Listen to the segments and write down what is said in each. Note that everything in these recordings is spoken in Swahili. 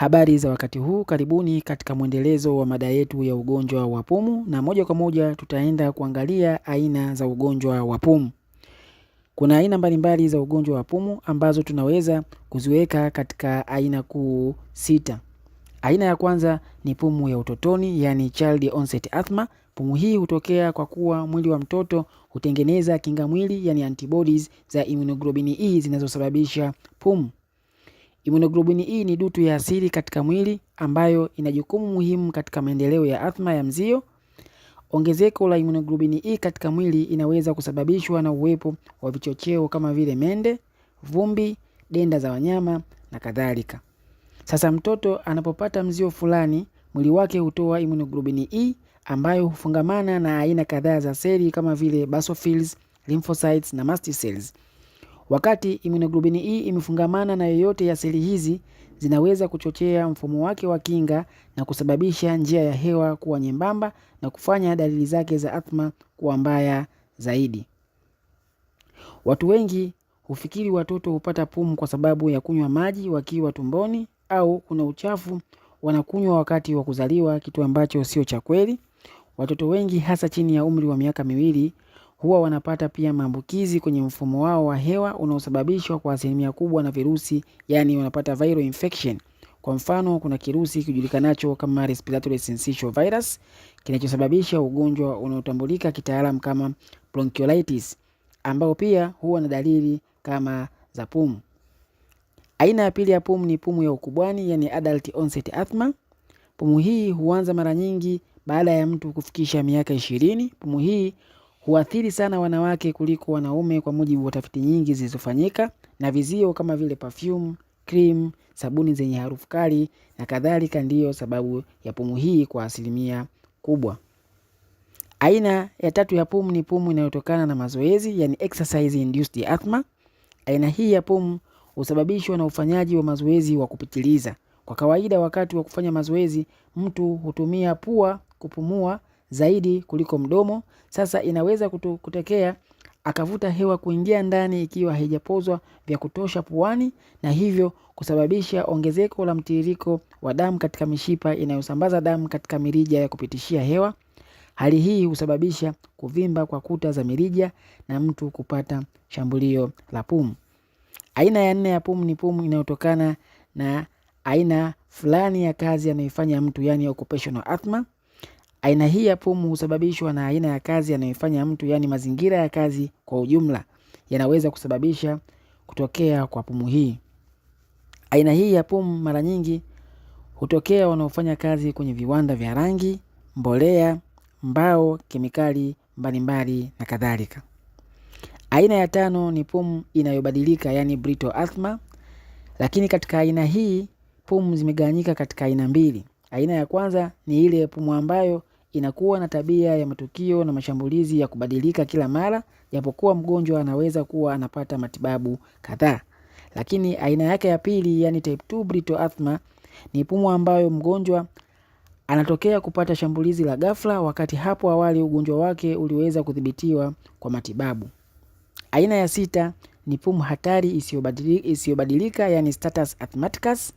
Habari za wakati huu, karibuni katika mwendelezo wa mada yetu ya ugonjwa wa pumu, na moja kwa moja tutaenda kuangalia aina za ugonjwa wa pumu. Kuna aina mbalimbali za ugonjwa wa pumu ambazo tunaweza kuziweka katika aina kuu sita. Aina ya kwanza ni pumu ya utotoni, yani child onset asthma. Pumu hii hutokea kwa kuwa mwili wa mtoto hutengeneza kinga mwili, yani antibodies za immunoglobulin E zinazosababisha pumu. Imunoglobulini hii e ni dutu ya asili katika mwili ambayo ina jukumu muhimu katika maendeleo ya athma ya mzio. Ongezeko la imunoglobulini hii e katika mwili inaweza kusababishwa na uwepo wa vichocheo kama vile mende, vumbi, denda za wanyama na kadhalika. Sasa mtoto anapopata mzio fulani, mwili wake hutoa imunoglobulini E ambayo hufungamana na aina kadhaa za seli kama vile basophils, lymphocytes na mast cells. Wakati imunoglobini hii e imefungamana na yoyote ya seli hizi, zinaweza kuchochea mfumo wake wa kinga na kusababisha njia ya hewa kuwa nyembamba na kufanya dalili zake za athma kuwa mbaya zaidi. Watu wengi hufikiri watoto hupata pumu kwa sababu ya kunywa maji wakiwa tumboni au kuna uchafu wanakunywa wakati wa kuzaliwa, kitu ambacho sio cha kweli. Watoto wengi hasa chini ya umri wa miaka miwili huwa wanapata pia maambukizi kwenye mfumo wao wa hewa unaosababishwa kwa asilimia kubwa na virusi, yani wanapata viral infection. Kwa mfano, kuna kirusi kijulikanacho kama respiratory syncytial virus kinachosababisha ugonjwa unaotambulika kitaalam kama bronchiolitis ambao pia huwa na dalili kama za pumu. Aina ya pili ya pumu ni pumu ya ukubwani, yani adult onset asthma. Pumu hii huanza mara nyingi baada ya mtu kufikisha miaka ishirini. Pumu hii huathiri sana wanawake kuliko wanaume kwa mujibu wa tafiti nyingi zilizofanyika, na vizio kama vile perfume, cream, sabuni zenye harufu kali na kadhalika ndiyo sababu ya pumu hii kwa asilimia kubwa. Aina ya tatu ya pumu ni pumu inayotokana na mazoezi, yani exercise induced asthma. Aina hii ya pumu husababishwa na ufanyaji wa mazoezi wa kupitiliza. Kwa kawaida, wakati wa kufanya mazoezi, mtu hutumia pua kupumua zaidi kuliko mdomo. Sasa inaweza kutu, kutokea akavuta hewa kuingia ndani ikiwa haijapozwa vya kutosha puani na hivyo kusababisha ongezeko la mtiririko wa damu katika mishipa inayosambaza damu katika mirija ya kupitishia hewa. Hali hii husababisha kuvimba kwa kuta za mirija na mtu kupata shambulio la pumu. Aina ya nne ya pumu ni pumu inayotokana na aina fulani ya kazi anayoifanya mtu, yani occupational asthma. Aina hii ya pumu husababishwa na aina ya kazi anayoifanya mtu, yaani mazingira ya kazi kwa ujumla yanaweza kusababisha kutokea kwa pumu hii. Aina hii ya pumu mara nyingi hutokea wanaofanya kazi kwenye viwanda vya rangi, mbolea, mbao, kemikali mbalimbali na kadhalika. Aina ya tano ni pumu inayobadilika, yaani brittle asthma. Lakini katika aina hii pumu zimegawanyika katika aina mbili. Aina ya kwanza ni ile pumu ambayo inakuwa na tabia ya matukio na mashambulizi ya kubadilika kila mara, japokuwa mgonjwa anaweza kuwa anapata matibabu kadhaa. Lakini aina yake ya pili, yani type 2 brittle asthma, ni pumu ambayo mgonjwa anatokea kupata shambulizi la ghafla, wakati hapo awali ugonjwa wake uliweza kudhibitiwa kwa matibabu. Aina ya sita ni pumu hatari isiyobadilika, yani status asthmaticus.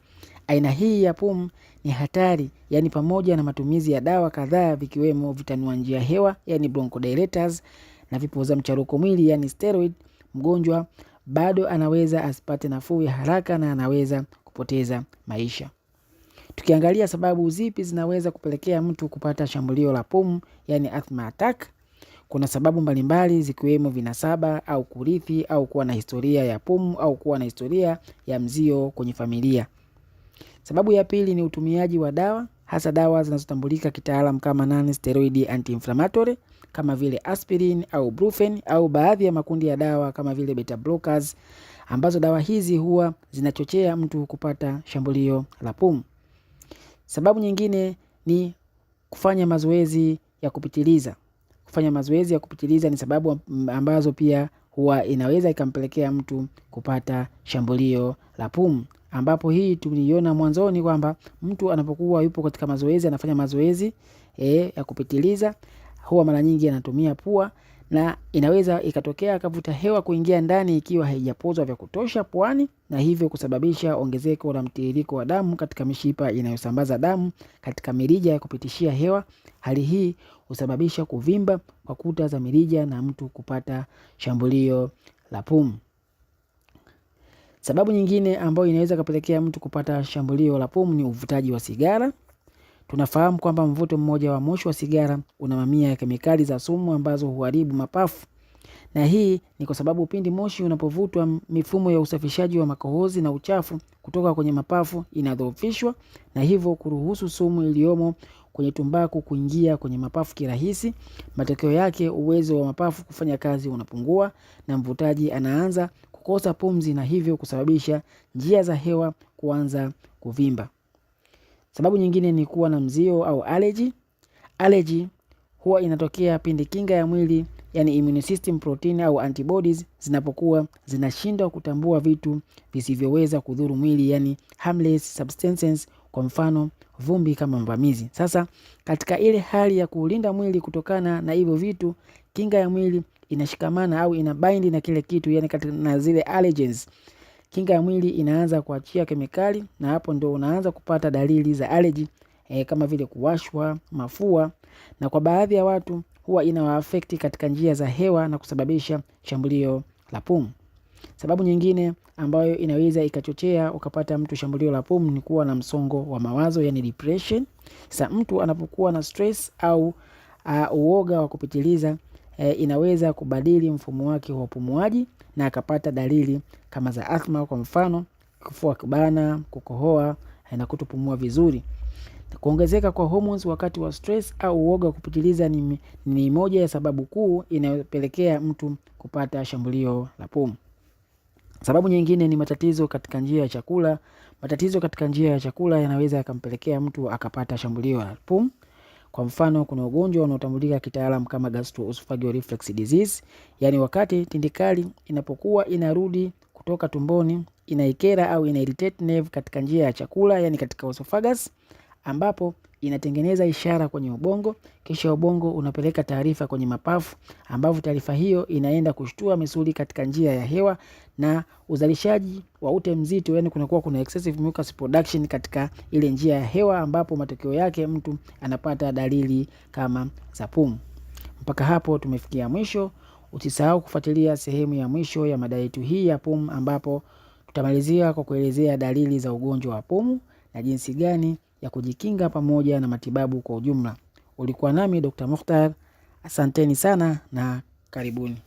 Aina hii ya pumu ni hatari, yaani pamoja na matumizi ya dawa kadhaa vikiwemo vitanua njia hewa yani bronchodilators na vipoza mcharuko mwili yani steroid, mgonjwa bado anaweza asipate nafuu ya haraka na anaweza kupoteza maisha. Tukiangalia sababu zipi zinaweza kupelekea mtu kupata shambulio la pumu yani asthma attack. Kuna sababu mbalimbali zikiwemo vinasaba au kurithi au kuwa na historia ya pumu au kuwa na historia ya mzio kwenye familia. Sababu ya pili ni utumiaji wa dawa, hasa dawa zinazotambulika kitaalam kama non-steroid anti-inflammatory kama vile aspirin au brufen au baadhi ya makundi ya dawa kama vile beta blockers, ambazo dawa hizi huwa zinachochea mtu kupata shambulio la pumu. Sababu nyingine ni kufanya mazoezi ya kupitiliza. Kufanya mazoezi ya kupitiliza ni sababu ambazo pia huwa inaweza ikampelekea mtu kupata shambulio la pumu ambapo hii tuliona mwanzoni kwamba mtu anapokuwa yupo katika mazoezi, anafanya mazoezi e, ya kupitiliza, huwa mara nyingi anatumia pua na inaweza ikatokea akavuta hewa kuingia ndani ikiwa haijapozwa vya kutosha puani, na hivyo kusababisha ongezeko la mtiririko wa damu katika mishipa inayosambaza damu katika mirija ya kupitishia hewa. Hali hii husababisha kuvimba kwa kuta za mirija na mtu kupata shambulio la pumu. Sababu nyingine ambayo inaweza kapelekea mtu kupata shambulio la pumu ni uvutaji wa sigara. Tunafahamu kwamba mvuto mmoja wa moshi wa sigara una mamia ya kemikali za sumu ambazo huharibu mapafu, na hii ni kwa sababu pindi moshi unapovutwa, mifumo ya usafishaji wa makohozi na uchafu kutoka kwenye mapafu inadhoofishwa, na hivyo kuruhusu sumu iliyomo kwenye tumbaku kuingia kwenye mapafu kirahisi. Matokeo yake, uwezo wa mapafu kufanya kazi unapungua na mvutaji anaanza kukosa pumzi na hivyo kusababisha njia za hewa kuanza kuvimba. Sababu nyingine ni kuwa na mzio au allergy. Allergy huwa inatokea pindi kinga ya mwili yani immune system protein au antibodies zinapokuwa zinashindwa kutambua vitu visivyoweza kudhuru mwili yani harmless substances, kwa mfano vumbi kama mvamizi. Sasa katika ile hali ya kulinda mwili kutokana na hivyo vitu, kinga ya mwili inashikamana au ina bind na kile kitu, yani na zile allergens. Kinga ya mwili inaanza kuachia kemikali, na hapo ndio unaanza kupata dalili za allergy e, kama vile kuwashwa, mafua, na kwa baadhi ya watu huwa inawaaffect katika njia za hewa na kusababisha shambulio la pumu. Sababu nyingine ambayo inaweza ikachochea ukapata mtu shambulio la pumu ni kuwa na msongo wa mawazo, yani depression. Sasa mtu anapokuwa na stress au uh, uoga wa kupitiliza e, inaweza kubadili mfumo wake wa upumuaji na akapata dalili kama za athma, kwa mfano kifua kibana, kukohoa eh, na kutopumua vizuri. Kuongezeka kwa wakati wa stress au uoga kupitiliza ni, ni moja ya sababu kuu inayopelekea mtu kupata shambulio la pumu. Sababu nyingine ni matatizo katika njia ya chakula. Matatizo katika njia ya chakula yanaweza yakampelekea mtu akapata shambulio la pumu. Kwa mfano, kuna ugonjwa unaotambulika kitaalamu kama gastroesophageal reflux disease, yaani wakati tindikali inapokuwa inarudi kutoka tumboni inaikera au ina irritate nerve katika njia ya chakula, yani katika esophagus ambapo inatengeneza ishara kwenye ubongo, kisha ubongo unapeleka taarifa kwenye mapafu, ambapo taarifa hiyo inaenda kushtua misuli katika njia ya hewa na uzalishaji wa ute mzito, yani kunakuwa kuna excessive mucus production katika ile njia ya hewa, ambapo matokeo yake mtu anapata dalili kama za pumu. Mpaka hapo tumefikia mwisho. Usisahau kufuatilia sehemu ya mwisho ya mada yetu hii ya pumu, ambapo tutamalizia kwa kuelezea dalili za ugonjwa wa pumu na jinsi gani ya kujikinga pamoja na matibabu kwa ujumla. Ulikuwa nami Dr. Mukhtar. Asanteni sana na karibuni.